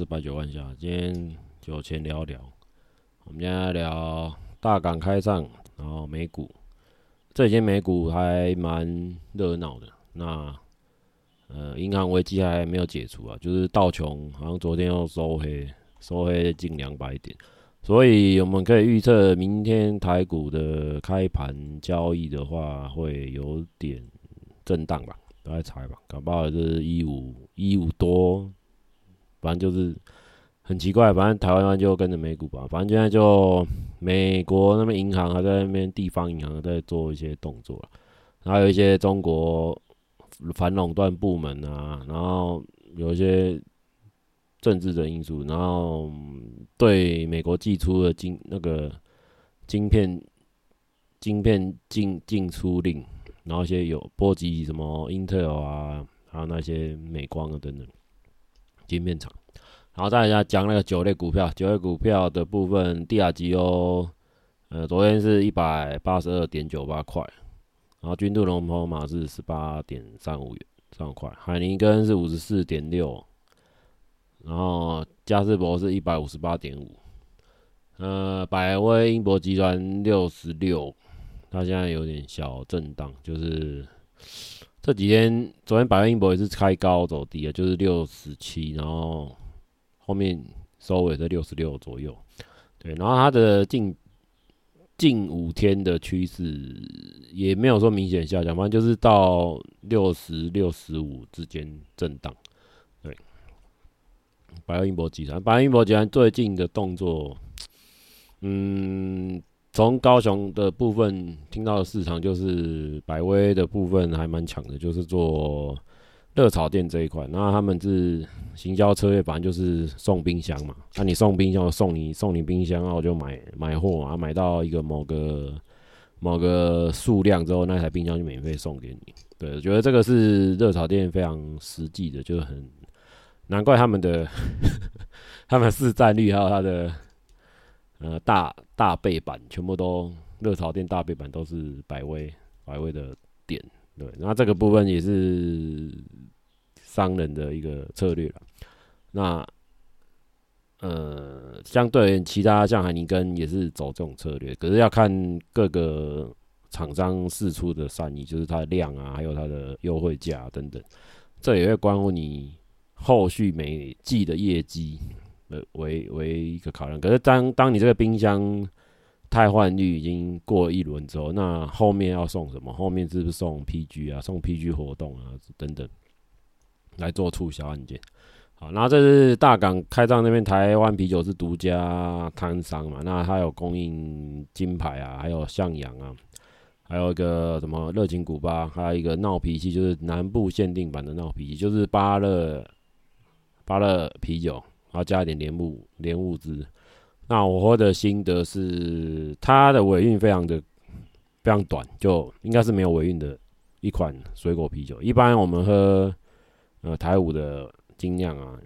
四百九萬下，今天酒前聊聊，我們今天聊大港開唱，然後美股，這些美股還蠻熱鬧的，那呃，銀行危機還沒有解除啊，就是道瓊好像昨天又收黑，收黑近兩百點，所以我們可以預測明天台股的開盤交易的話，會有點震盪吧，大概猜吧，搞不好是一五一五多。反正就是很奇怪，反正台灣就跟着美股吧。反正現在就美國那邊銀行還在那邊，地方銀行在做一些動作了、啊。然後有一些中國反壟斷部門啊，然後有一些政治的因素，然後對美國祭出的晶那個晶片晶片禁禁出令，然後一些有波及什麼英特爾啊，還有那些美光啊等等。金面廠，然後再來講那個酒類股票，酒類股票的部分，帝亞吉歐哦，呃，昨天是一百八十二點九八塊，然後君度龍袍碼是十八點三五元這塊，海尼根是五十四點六，然後嘉士伯是一百五十八點五，呃，百威英博集團六十六，它現在有點小震盪，就是。這幾天，昨天百威英博也是開高走低啊，就是六十七，然後後面收尾在六十六左右，對，然後它的近近五天的趨勢也沒有說明顯下降，反正就是到六十、六十五之間震盪，對。百威英博集團，百威英博集團最近的動作，嗯。從高雄的部分聽到的市場，就是百威的部分還蠻強的，就是做熱炒店這一塊。那他們是行銷策略，反正就是送冰箱嘛。那、啊、你送冰箱，我送你送你冰箱，然後就買買貨啊，買到一個某個某個數量之後，那台冰箱就免費送給你。對，我覺得這個是熱炒店非常實際的，就很難怪他們的 他們市占率還有它的。呃，大大背板全部都熱炒店大背板都是百威，百威的店，對，那這個部分也是商人的一個策略了。那呃，相對其他像海尼根也是走這種策略，可是要看各個廠商釋出的善意，就是它的量啊，還有它的優惠價、啊、等等，這也會關乎你後續每季的業績。呃，為為一個考量，可是當當你這個冰箱汰換率已經過一輪之後，那後面要送什麼？後面是不是送 PG 啊，送 PG 活動啊等等來做促銷案件？好，那這是大港開張大港開唱那邊台灣啤酒是獨家攤商嘛？那它有供應金牌啊，還有向陽啊，還有一個什麼熱情古巴，還有一個鬧脾氣，就是南部限定版的鬧脾氣，就是巴勒巴勒啤酒。然後加一點蓮霧蓮霧汁，那我喝的心得是，它的尾韻非常的非常短，就應該是沒有尾韻的一款水果啤酒。一般我們喝呃台五的精釀啊，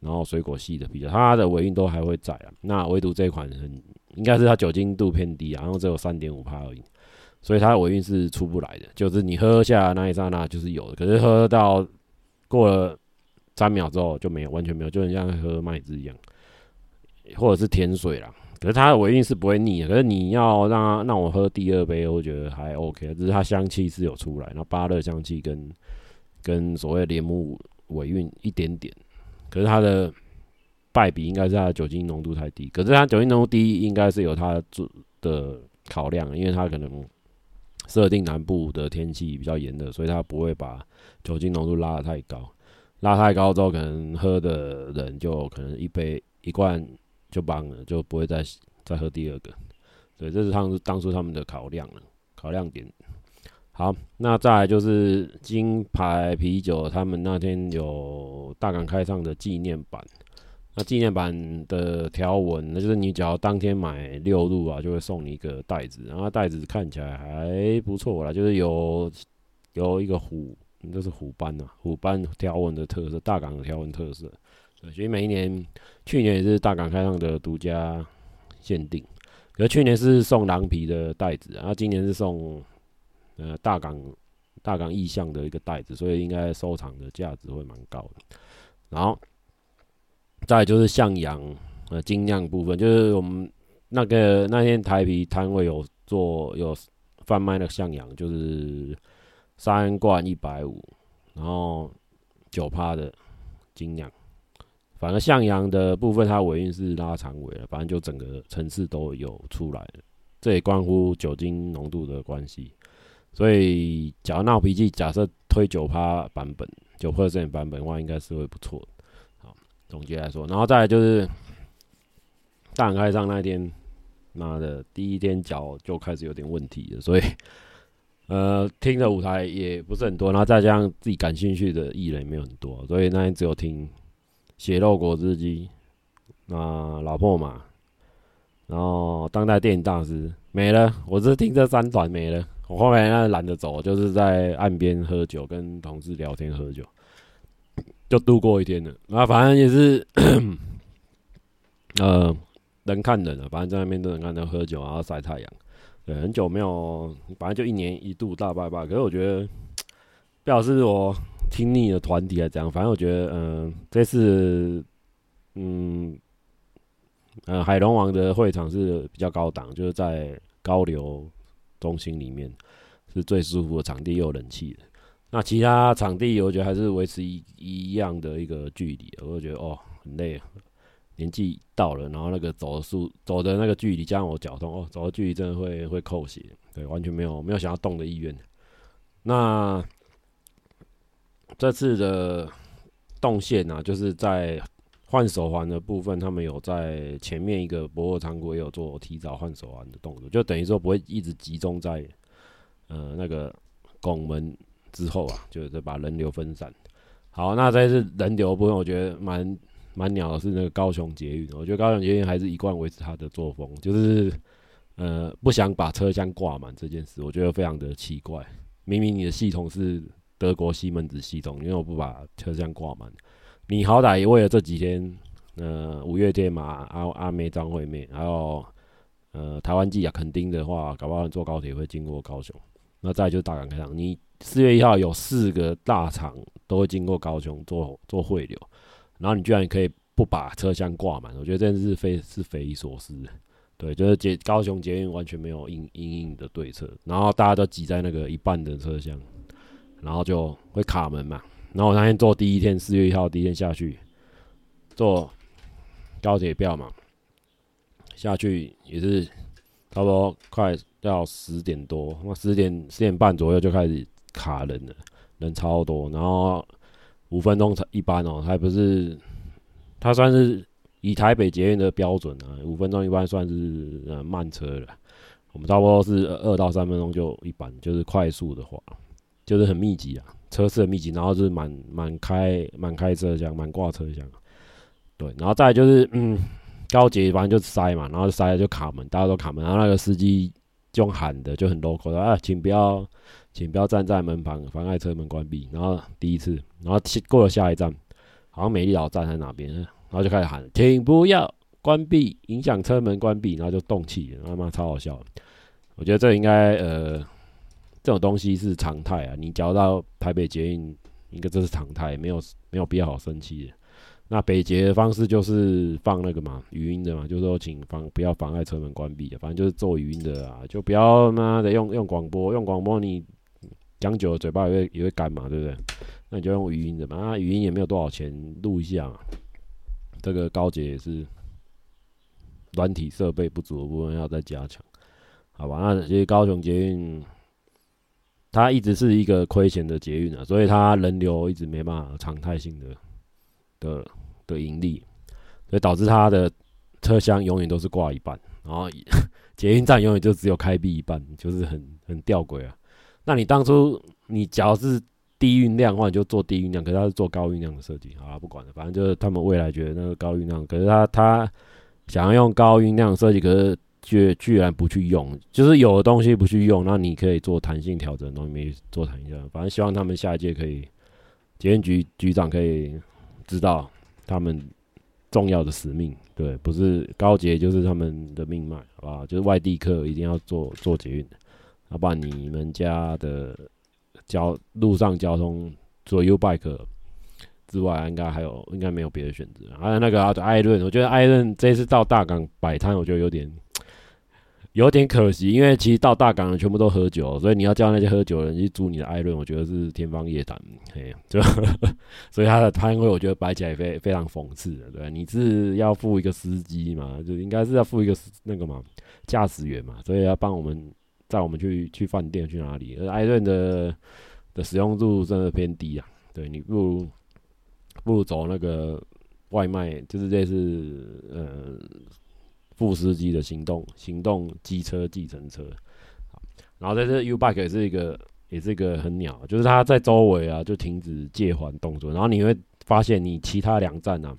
然後水果系的啤酒，它的尾韻都還會在啊。那唯獨這款很應該是它酒精度偏低啊，然後只有三點五趴而已，所以它的尾韻是出不來的。就是你喝,喝下那一剎那就是有的，可是喝,喝到過了。三秒之後就沒有，完全沒有，就很像喝麥汁一樣，或者是甜水啦。可是它的尾韻是不會膩的。可是你要讓讓我喝第二杯，我覺得還 OK。只是它香氣是有出來，那芭樂香氣跟跟所謂蓮霧尾韻一點點。可是它的敗筆應該是它的酒精濃度太低。可是它酒精濃度低，應該是有它的、的考量，因為它可能設定南部的天氣比較炎熱，所以它不會把酒精濃度拉得太高。拉太高之後，可能喝的人就可能一杯一罐就棒了，就不會再再喝第二個。所以這是他們是當初他們的考量了，考量點。好，那再來就是金牌啤酒，他們那天有大港開唱的紀念版。那紀念版的條紋，那就是你只要當天買六入啊，就會送你一個袋子。然後袋子看起來還不錯啦，就是有有一個虎。都是虎斑吶、啊，虎斑條紋的特色，大港的條紋特色。所以每一年，去年也是大港開唱的獨家限定，可是去年是送狼皮的袋子啊，啊今年是送呃大港大港意象的一個袋子，所以應該收藏的價值會蠻高的。然後再就是向陽呃精釀部分，就是我們那個那天台啤攤位有做有販賣的向陽，就是。三罐一百五，然後九趴的精釀，反正向陽的部分它尾韻是拉長尾了，反正就整個層次都有出來了，這也關乎酒精濃度的關係。所以假如假，腳鬧脾氣，假設推九趴版本，九 percent 版本的話，應該是會不錯。好，總結來說，然後再來就是，大港開唱那天，媽的，第一天腳就開始有點問題了，所以。呃，聽的舞台也不是很多，然後再加上自己感興趣的藝人也沒有很多，所以那天只有聽《血肉果汁機》啊、呃，老婆嘛，然後當代電影大師沒了，我只聽這三團沒了。我後來那懶得走，就是在岸邊喝酒，跟同事聊天喝酒，就度過一天了。那反正也是， 呃，能看人了，反正在那邊都能看到喝酒，然後曬太陽。對，很久沒有，反正就一年一度大拜拜。可是我覺得，不知道是我聽膩了團體還是怎樣？反正我覺得，嗯，這次，嗯，呃、嗯，海龍王的會場是比較高檔，就是在高流中心裡面是最舒服的場地，又有冷氣的。那其他場地，我覺得還是維持一一樣的一個距離。我就覺得哦，很累。年紀到了，然後那個走的速走的那個距離加上我腳痛哦，走的距離真的會會扣血，對，完全沒有沒有想要動的意願。那這次的動線啊，就是在換手環的部分，他們有在前面一個駁二倉庫也有做提早換手環的動作，就等於說不會一直集中在呃那個拱門之後啊，就是把人流分散。好，那在這次人流的部分，我覺得蠻。蠻鳥的是那個高雄捷運，我覺得高雄捷運還是一貫維持他的作風，就是呃不想把車廂掛滿這件事，我覺得非常的奇怪。明明你的系統是德國西門子系統，因為我不把車廂掛滿，你好歹為了這幾天，呃五月天嘛，阿阿妹、張、啊、惠妹，還有呃台灣季啊，墾丁的話，搞不好你坐高鐵會經過高雄。那再就大港開唱，你四月一號有四個大廠都會經過高雄做做匯流。然後你居然可以不把車廂掛滿，我覺得這件事是非是匪夷所思的。對，就是捷高雄捷運完全沒有因因因應的對策，然後大家都擠在那個一半的車廂，然後就會卡門嘛。然後我那天坐第一天四月一號第一天下去坐高鐵票嘛，下去也是差不多快到十點多，那十點十點半左右就開始卡人了，人超多，然後。五分鐘才一班哦，它不是，它算是以台北捷運的標準啊，五分鐘一班算是呃慢車了。我們差不多是二到三分鐘就一班，就是快速的話，就是很密集啊，車次很密集，然後就是滿滿開滿開車廂，滿掛車廂，啊。對，然後再來就是嗯，高捷反正就塞嘛，然後塞了就卡門，大家都卡門，然後那個司機就喊的就很 local 的啊，請不要。請不要站在門旁，妨礙車門關閉。然後第一次，然後過了下一站，好像美麗島站在哪邊，然後就開始喊：“請不要關閉，影響車門關閉。”然後就動氣了，他媽超好笑。我覺得這應該呃，這種東西是常態啊。你交到台北捷運，應該這是常態，沒有沒有必要好生氣的。那北捷的方式就是放那個嘛語音的嘛，就是說請放，不要妨礙車門關閉的，反正就是做語音的啊，就不要媽的用用廣播，用廣播你。講久了嘴巴也會也會乾嘛，對不對？那你就用語音的嘛。那語音也沒有多少錢錄一下嘛。這個高捷也是軟體設備不足的部分要再加強，好吧？那其實高雄捷運它一直是一個虧錢的捷運啊，所以它人流一直沒辦法常態性的的的盈利，所以導致它的車廂永遠都是掛一半，然後 捷運站永遠就只有開閉一半，就是很很吊詭啊。那你當初你只要是低運量的話，你就做低運量。可是他是做高運量的設計，好吧、啊，不管了，反正就是他們未來覺得那個高運量，可是他他想要用高運量設計，可是卻居然不去用，就是有的東西不去用，那你可以做彈性調整，東西做彈性調整的。反正希望他們下一屆可以捷運局局長可以知道他們重要的使命，對，不是高捷就是他們的命脈，好吧，就是外地客一定要做做捷運。好、啊、吧，你們家的交路上交通，坐 U bike 之外，應該還有，應該沒有別的選擇、啊。還、啊、有那個艾倫，啊、我覺得艾倫這次到大港擺攤，我覺得有點有點可惜，因為其實到大港全部都喝酒，所以你要叫那些喝酒的人去租你的艾倫，我覺得是天方夜譚。嘿，就 所以他的攤位，我覺得擺起來非非常諷刺的。對，你是要付一個司機嘛，就應該是要付一個那個嘛駕駛員嘛，所以要幫我們。載我們去去飯店去哪裡？而艾頓的的使用度真的偏低啊。對，你不如不如走那個外賣，就是類似，嗯副司機的行動，行動機車計程車好。然後在這次 U bike 也是一個也是一個很鳥，就是它在周圍啊就停止借還動作。然後你會發現你其他兩站呢、啊，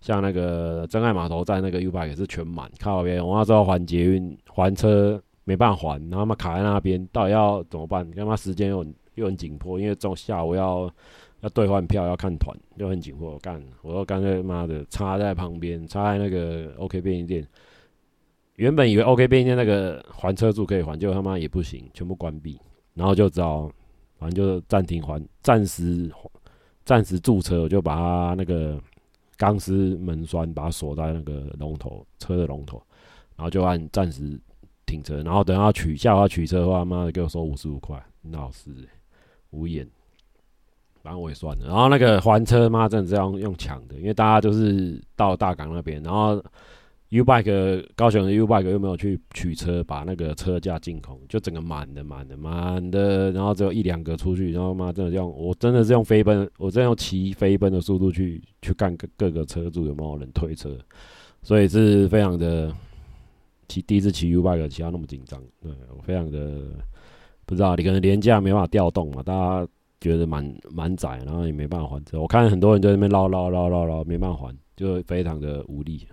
像那個真愛碼頭站那個 U bike 也是全滿。靠邊，我要知道還捷運還車。沒辦法還，然後嘛卡在那邊，到底要怎麼辦？他媽時間又很又很緊迫，因為中午下午要要兌換票，要看團，又很緊迫。幹，我就乾脆他媽的插在旁邊，插在那個 OK 便利店。原本以為 OK 便利店那個還車住可以還，結果他媽也不行，全部關閉。然後就只好，反正就暫停還，暫時暫時駐車，我就把他那個鋼絲門栓把它鎖在那個龍頭車的龍頭，然後就按暫時。停車，然後等他取，下，他取車的話，媽的，給我收五十五塊，鬧事、欸，無言，反正我也算了，然後那個還車，媽真的是要用搶的，因為大家都是到了大港那邊，然後 U bike 高雄的 U bike 又沒有去取車，把那個車架淨空，就整個滿的滿的滿的，然後只有一兩個出去，然後媽的，真的用，我真的是用飛奔，我真的用騎飛奔的速度去去看各各個車主有沒有人推車，所以是非常的。騎第一次騎 Ubike 騎到那麼緊張，對，我非常的不知道，你可能連假沒辦法調動嘛，大家覺得蠻蠻窄然後也沒辦法還車。我看很多人在那邊嘮嘮嘮嘮嘮，沒辦法還，就非常的無力。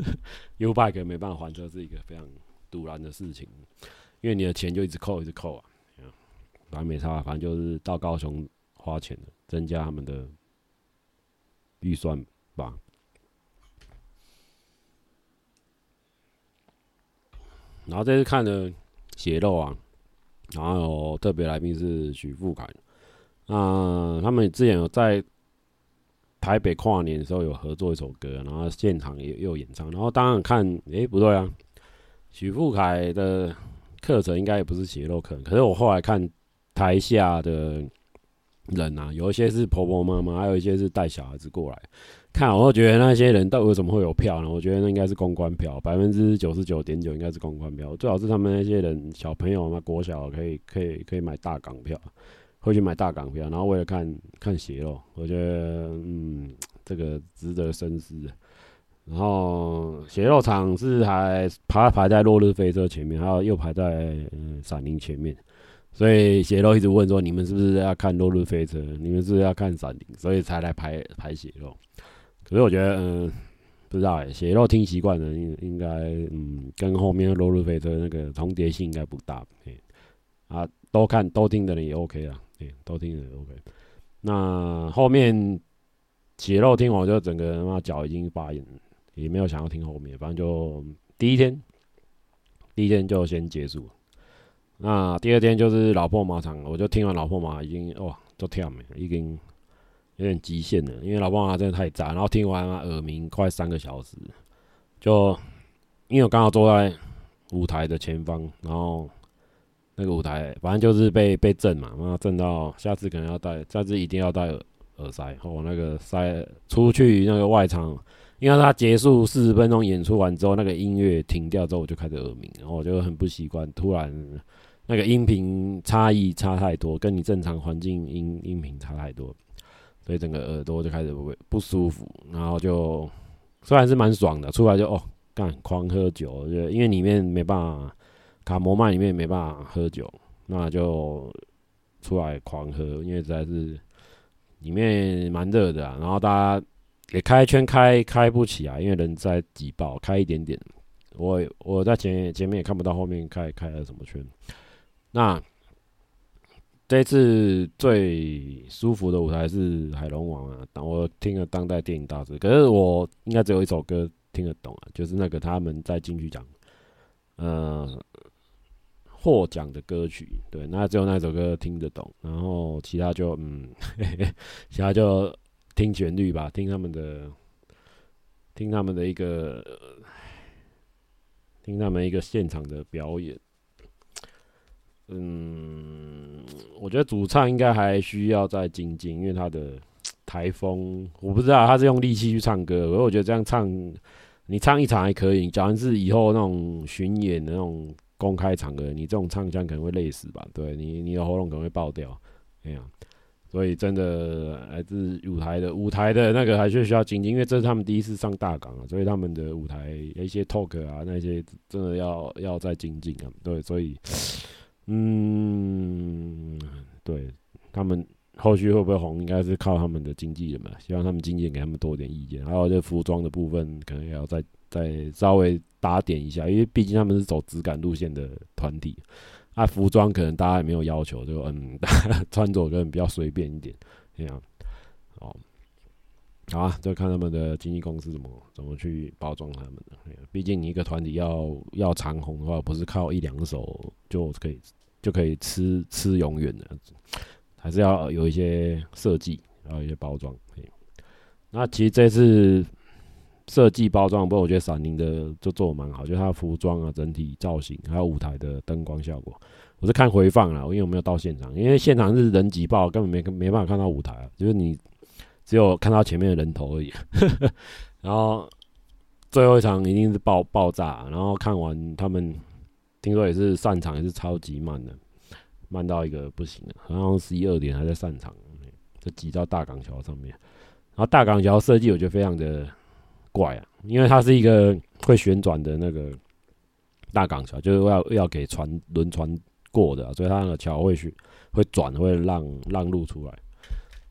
Ubike 沒辦法還車是一個非常突然的事情，因為你的錢就一直扣，一直扣啊。反正沒差，反正就是到高雄花錢，增加他們的預算吧。然後這次看了血肉啊，然後特別來賓是許富凱，那、呃、他們之前有在台北跨年的時候有合作一首歌，然後現場也，也有演唱，然後當然看，哎不對啊，許富凱的課程應該也不是血肉課，可是我後來看台下的人啊，有一些是婆婆媽媽，還有一些是帶小孩子過來。看，我會覺得那些人到底為什麼會有票呢？我覺得那應該是公關票，百分之九十九點九應該是公關票。最好是他們那些人小朋友嘛，國小可以可以可以買大港票，會去買大港票，然後為了看看血肉，我覺得嗯，這個值得深思。然後血肉場是還排排在落日飛車前面，還有又排在嗯閃靈前面，所以血肉一直問說：你們是不是要看落日飛車？你們是不是要看閃靈？所以才來排排血肉。所以我覺得，嗯，不知道哎，血肉聽習慣的人，應應該，嗯，跟後面落日飛車的那個重疊性應該不大，欸。啊，都看都聽的人也 OK 啦對，欸，都聽的人 OK。那後面血肉聽完，我就整個人媽腳已經發炎，也沒有想要聽後面，反正就第一天，第一天就先結束。那第二天就是老破麻場，我就聽完老破麻已經，哇，都跳沒了，已經。有點極限的，因為老破麻真的太炸，然後聽完他耳鳴快三個小時，就因為我剛好坐在舞台的前方，然後那個舞台反正就是被被震嘛，然後震到下次可能要戴，下次一定要戴耳耳塞。然後我那個塞出去那個外場，因為他結束四十分鐘演出完之後，那個音樂停掉之後，我就開始耳鳴，然後我就很不習慣，突然那個音頻差異差太多，跟你正常環境音音頻差太多。所以整個耳朵就開始不不舒服，然後就雖然還是蠻爽的，出來就哦幹狂喝酒，就因為裡面沒辦法卡魔麥，裡面沒辦法喝酒，那就出來狂喝，因為實在是裡面蠻熱的啊，然後大家也開一圈開開不起啊，因為人在擠爆，開一點點，我我在前前面也看不到後面開開了什麼圈，那。這次最舒服的舞台是《海龍王》啊！但我聽了當代電影大師，可是我應該只有一首歌聽得懂啊，就是那個他們在金曲獎，呃，獲獎的歌曲。對，那只有那首歌聽得懂，然後其他就嗯， 其他就聽旋律吧，聽他們的，聽他們的一個，聽他們一個現場的表演。嗯，我覺得主唱應該還需要再精進，因為他的台風，我不知道他是用力氣去唱歌，而我覺得這樣唱，你唱一場還可以。假如是以後那種巡演的那種公開場合，你這種唱腔可能會累死吧？對你，你的喉嚨可能會爆掉。哎呀、啊，所以真的來自舞台的舞台的那個還是需要精進，因為這是他們第一次上大港啊，所以他們的舞台一些 talk 啊，那些真的要要再精進啊。對，所以。 嗯，對他們後續會不會紅，應該是靠他們的經紀人了。希望他們經紀人給他們多點意見。還有這服裝的部分，可能也要再再稍微打點一下，因為畢竟他們是走質感路線的團體，啊，服裝可能大家也沒有要求，就嗯，穿着可能比較隨便一點這樣，哦。好啊，就看他們的經紀公司怎麼怎麼去包裝他們啊，畢竟你一個團體要要長紅的話，不是靠一兩手就可以就可以吃吃永遠的，還是要有一些設計，要有一些包裝。那其實這次設計包裝，不過我覺得閃靈的就做蠻好，就它的服裝啊，整體造型，還有舞台的燈光效果。我是看回放了，因為我沒有到現場，因為現場是人擠爆，根本沒沒辦法看到舞台啊，就是你。只有看到前面的人頭而已， 然後最後一場一定是爆爆炸、啊，然後看完他們聽說也是散場，也是超級慢的，慢到一個不行了，然後十一二點還在散場，就擠到大港橋上面。然後大港橋設計我覺得非常的怪啊，因為它是一個會旋轉的那個大港橋，就是要要給船輪船過的，啊，所以它那個橋會會轉，會讓讓路出來。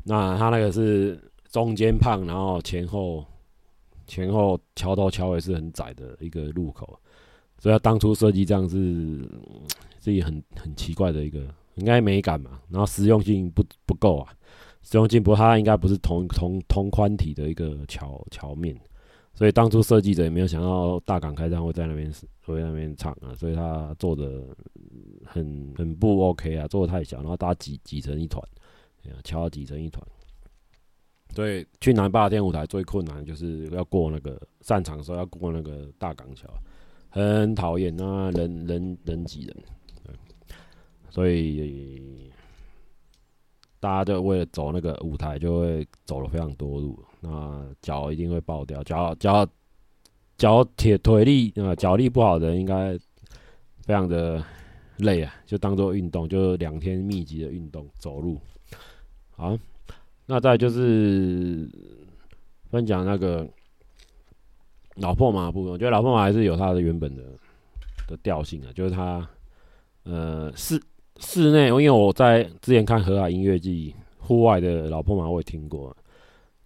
那他那個是中間胖，然後前後前後橋頭橋尾是很窄的一個路口，所以它當初設計這樣是，自己很很奇怪的一個應該美感嘛，然後實用性不不夠啊，實用性不，它應該不是同同同寬體的一個橋橋面，所以當初設計者也沒有想到大港開唱會在那邊會在那邊唱啊，所以他做的很很不 OK 啊，做的太小，然後大家擠擠成一團。橋擠成一團，所以去南霸天舞台最困難就是要過那個散場的時候要過那個大港橋，很討厭啊，人人人擠人。所以大家就為了走那個舞台，就會走了非常多路，那腳一定會爆掉，腳腳腳鐵腿力啊，腳力不好的人應該非常的累啊，就當做運動，就兩天密集的運動走路。好，那再就是分享那個老破麻部分。我覺得老破麻還是有它的原本的的調性啊，就是它呃室室內，因為我在之前看《河海音樂記》，戶外的老破麻我也聽過、啊。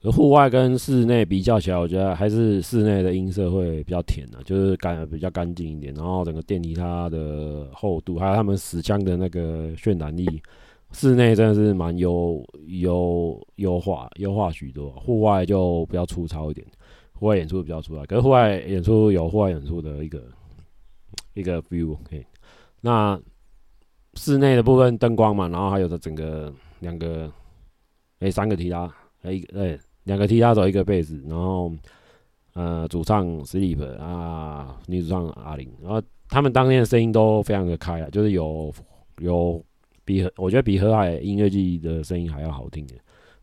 而戶外跟室內比較起來，我覺得還是室內的音色會比較甜的、啊，就是乾比較乾淨一點。然後整個電吉他，的厚度還有他們死腔的那個渲染力。室內真的是蠻優優優化優化許多、啊，戶外就比較粗糙一點，戶外演出比較粗糙，可是戶外演出有戶外演出的一個一個 view。那室內的部分燈光嘛，然後還有這整個兩個誒、欸、三個提拉誒、欸欸、一個兩個提拉走一個貝斯，然後嗯、呃、主唱 Sleep 啊女主唱阿玲，然後他們當天的聲音都非常的開啊，就是有有。比和我覺得比河海音樂季的聲音還要好聽點，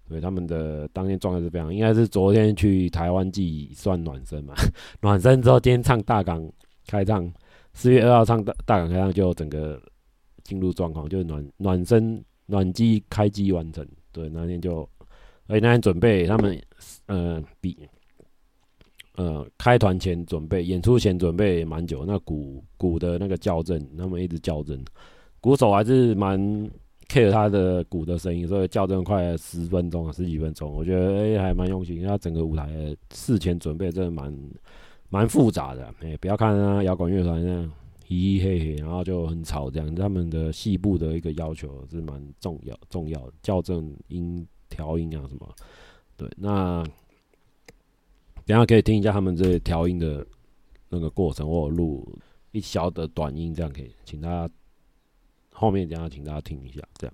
對他們的當天狀態是非常，應該是昨天去台灣季算暖身嘛，暖身之後今天唱大港開唱，四月二號唱大大港開唱，就整個進入狀況，就是暖暖身暖機開機完成，對那天就，而那天準備他們呃比呃開團前準備演出前準備蠻久，那鼓鼓的那個校正，他們一直校正。鼓手還是蠻 care 他的鼓的聲音，所以校正快十分鐘啊，十幾分鐘。我覺得誒還蠻用心。因為他整個舞台事前準備真的蠻蠻複雜的。誒、欸，不要看啊，搖滾樂團這樣咦嘿嘿，然後就很吵這樣。他們的細部的一個要求是蠻重要重要的，校正音，調音啊什麼。對，那等下可以聽一下他們這些調音的那個過程，或者錄一小的短音，這樣可以，請大家。後面這樣，請大家聽一下，這樣。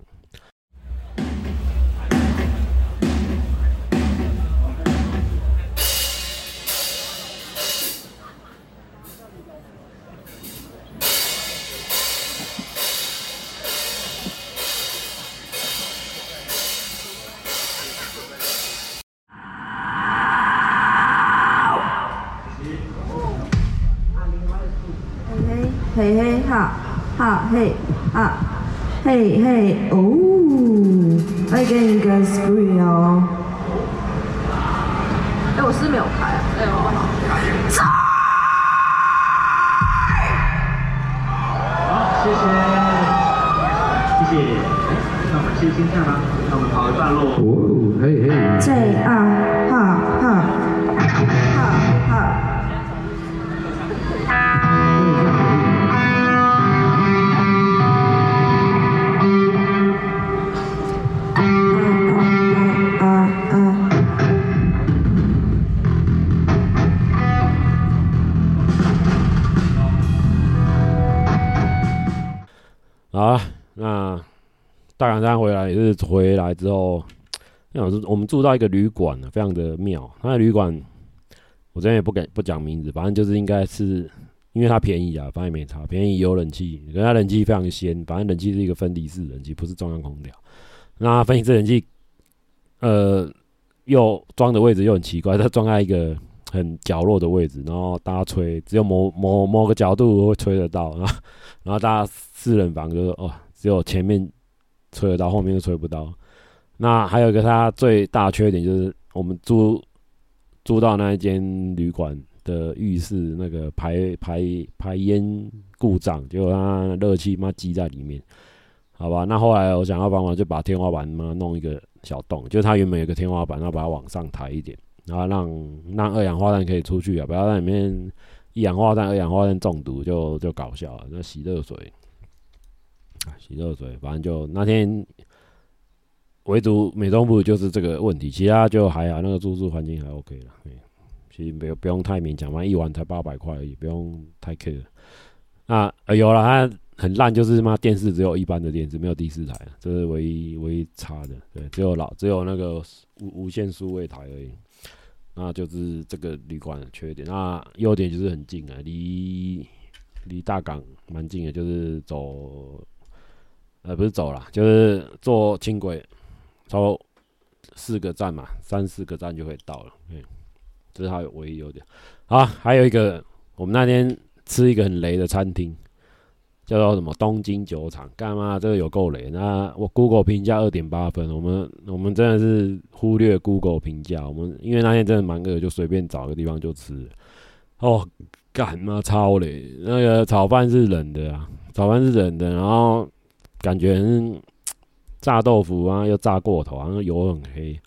嘿嘿嘿嘿，好。好嘿，啊，嘿嘿，哦，我給你一個 scream 哦。哎，我是沒有開、啊，哎、欸，好不好開？在！ 好，謝謝， 謝謝、欸。那我們先停下啦，那我們跑一段落。在啊。好、啊，那大崗山回來也、就是回來之後，那我們住到一個旅館，非常的妙。那旅館我這邊也不敢不講名字，反正就是應該是因為它便宜啊，反正也沒差，便宜有冷氣，人家冷氣非常鮮，反正冷氣是一個分離式冷氣，不是中央空調。那分離式冷氣，呃，又裝的位置又很奇怪，它裝在一個。很角落的位置，然後大家吹，只有某某某個角度會吹得到，然後然後大家四人房就是哦，只有前面吹得到，後面就吹不到。那還有一個它最大缺點就是，我們租租到那一間旅館的浴室那個排排排煙故障，結果它熱氣媽積在裡面，好吧？那後來我想要辦法，就把天花板媽弄一個小洞，就是它原本有個天花板，然後把它往上抬一點。然後讓讓二氧化碳可以出去啊，不要在裡面一氧化碳、二氧化碳中毒就，就就搞笑了、啊。那洗熱水，啊、洗熱水，反正就那天唯獨美中不足就是這個問題，其他就還好，那個住宿環境還 OK 啦，嗯，其實沒有不用太勉強，反正一晚才八百塊，而已，不用太 care。那有了、哎，它很爛就是嘛，電視只有一般的電視，沒有第四台，這是唯一唯一差的。對，只有老只有那個無無線數位台而已。那就是這個旅館的缺點，那優點就是很近啊，離離大港蠻近的，就是走，呃，不是走了，就是坐輕軌，超四個站嘛，三四個站就可以到了。對，這，就是它唯一優點。好，還有一個，我們那天吃一個很雷的餐廳。叫做什麼東京酒廠？幹嘛，這個有夠雷！那我 Google 評價二點八分，我們我們真的是忽略 Google 評價。我們因為那天真的蠻餓，就隨便找個地方就吃。哦，幹嘛超雷？那個炒飯是冷的啊，炒飯是冷的，然後感覺炸豆腐啊又炸過頭啊，那油很黑，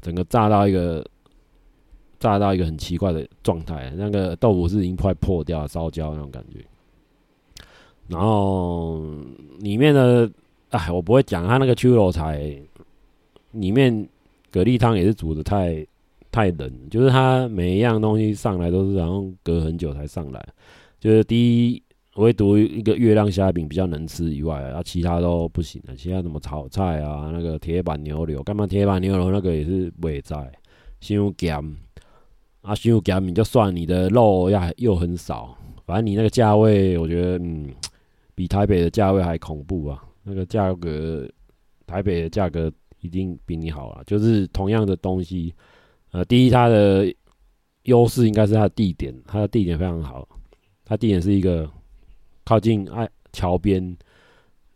整個炸到一個炸到一個很奇怪的狀態。那個豆腐是已經快破掉、燒焦那種感覺。然後裡面的，哎，我不會講它那個秋樓菜，裡面蛤蜊湯也是煮的太太冷，就是它每一樣東西上來都是，然後隔很久才上來。就是第一，唯獨一個月亮蝦餅比較能吃以外，啊，其他都不行了。其他什麼炒菜啊，那個鐵板牛柳，幹嘛鐵板牛柳那個也是味在，太鹹。啊，太鹹，你就算你的肉呀又很少，反正你那個價位，我覺得嗯。比台北的價位還恐怖啊！那個價格，台北的價格一定比你好啊。就是同樣的東西，呃，第一它的優勢應該是它的地點，它的地點非常好，它地點是一個靠近愛橋邊、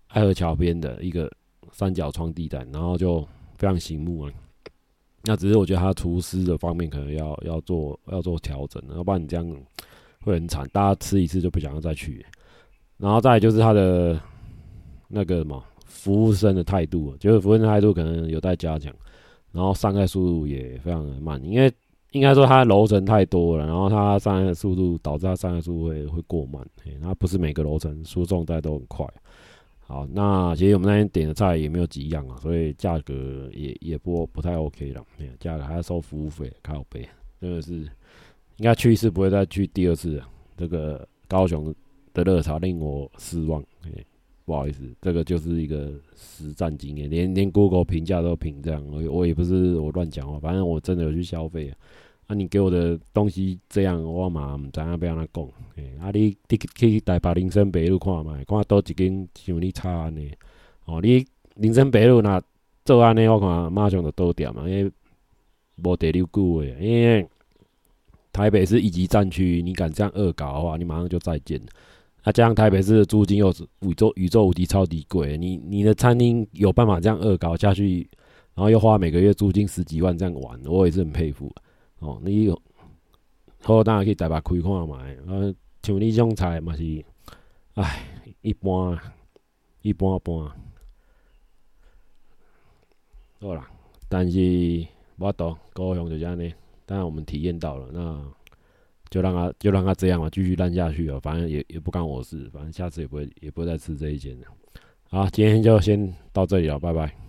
愛河橋邊的一個三角窗地帶，然後就非常醒目啊。那只是我覺得它廚師的方面可能要要做要做調整啊，要不然你這樣會很慘，大家吃一次就不想要再去欸。然後再來就是他的那個什麼服務生的態度、啊，就是服務生態度可能有待加強。然後上菜速度也非常的慢，因為應該說它樓層太多了，然後它上菜的速度導致它上菜速度會會過慢。欸、它不是每個樓層輸送帶都很快。好，那其實我們那天點的菜也沒有幾樣啊，所以價格也也不不太 OK 了。價格還要收服務費，靠背，真、就、的是應該去一次不會再去第二次，啊。這個高雄。的熱炒令我失望，嘿、欸，不好意思，這個就是一個實戰經驗，連連 Google 評價都評這樣，我我也不是我亂講話，反正我真的有去消費啊。那、啊、你給我的東西這樣，我嘛，毋知影要安怎講，哎、啊，阿你你去去台北林森北路看嘛，看多一間像你差安、啊、的，哦，你林森北路那做安的，我看馬上就倒掉嘛，因為無得留顧哎，因、欸、為台北是一級戰區，你敢這樣惡搞的話，你馬上就再見。啊，加上台北市的租金又是宇宙宇宙無敵超級貴，你你的餐廳有辦法這樣惡搞下去，然後又花每個月租金十幾萬這樣玩，我也是很佩服哦。你好，當然可以台北開看嘛、啊。像你這種菜嘛是，唉，一般一般般。好啦，但是我到高雄就是這樣呢，當然我們體驗到了那。就讓他就讓他這樣吧，繼續爛下去啊！反正也也不干我事，反正下次也不會也不會再吃這一間了。好，今天就先到這裡了，拜拜。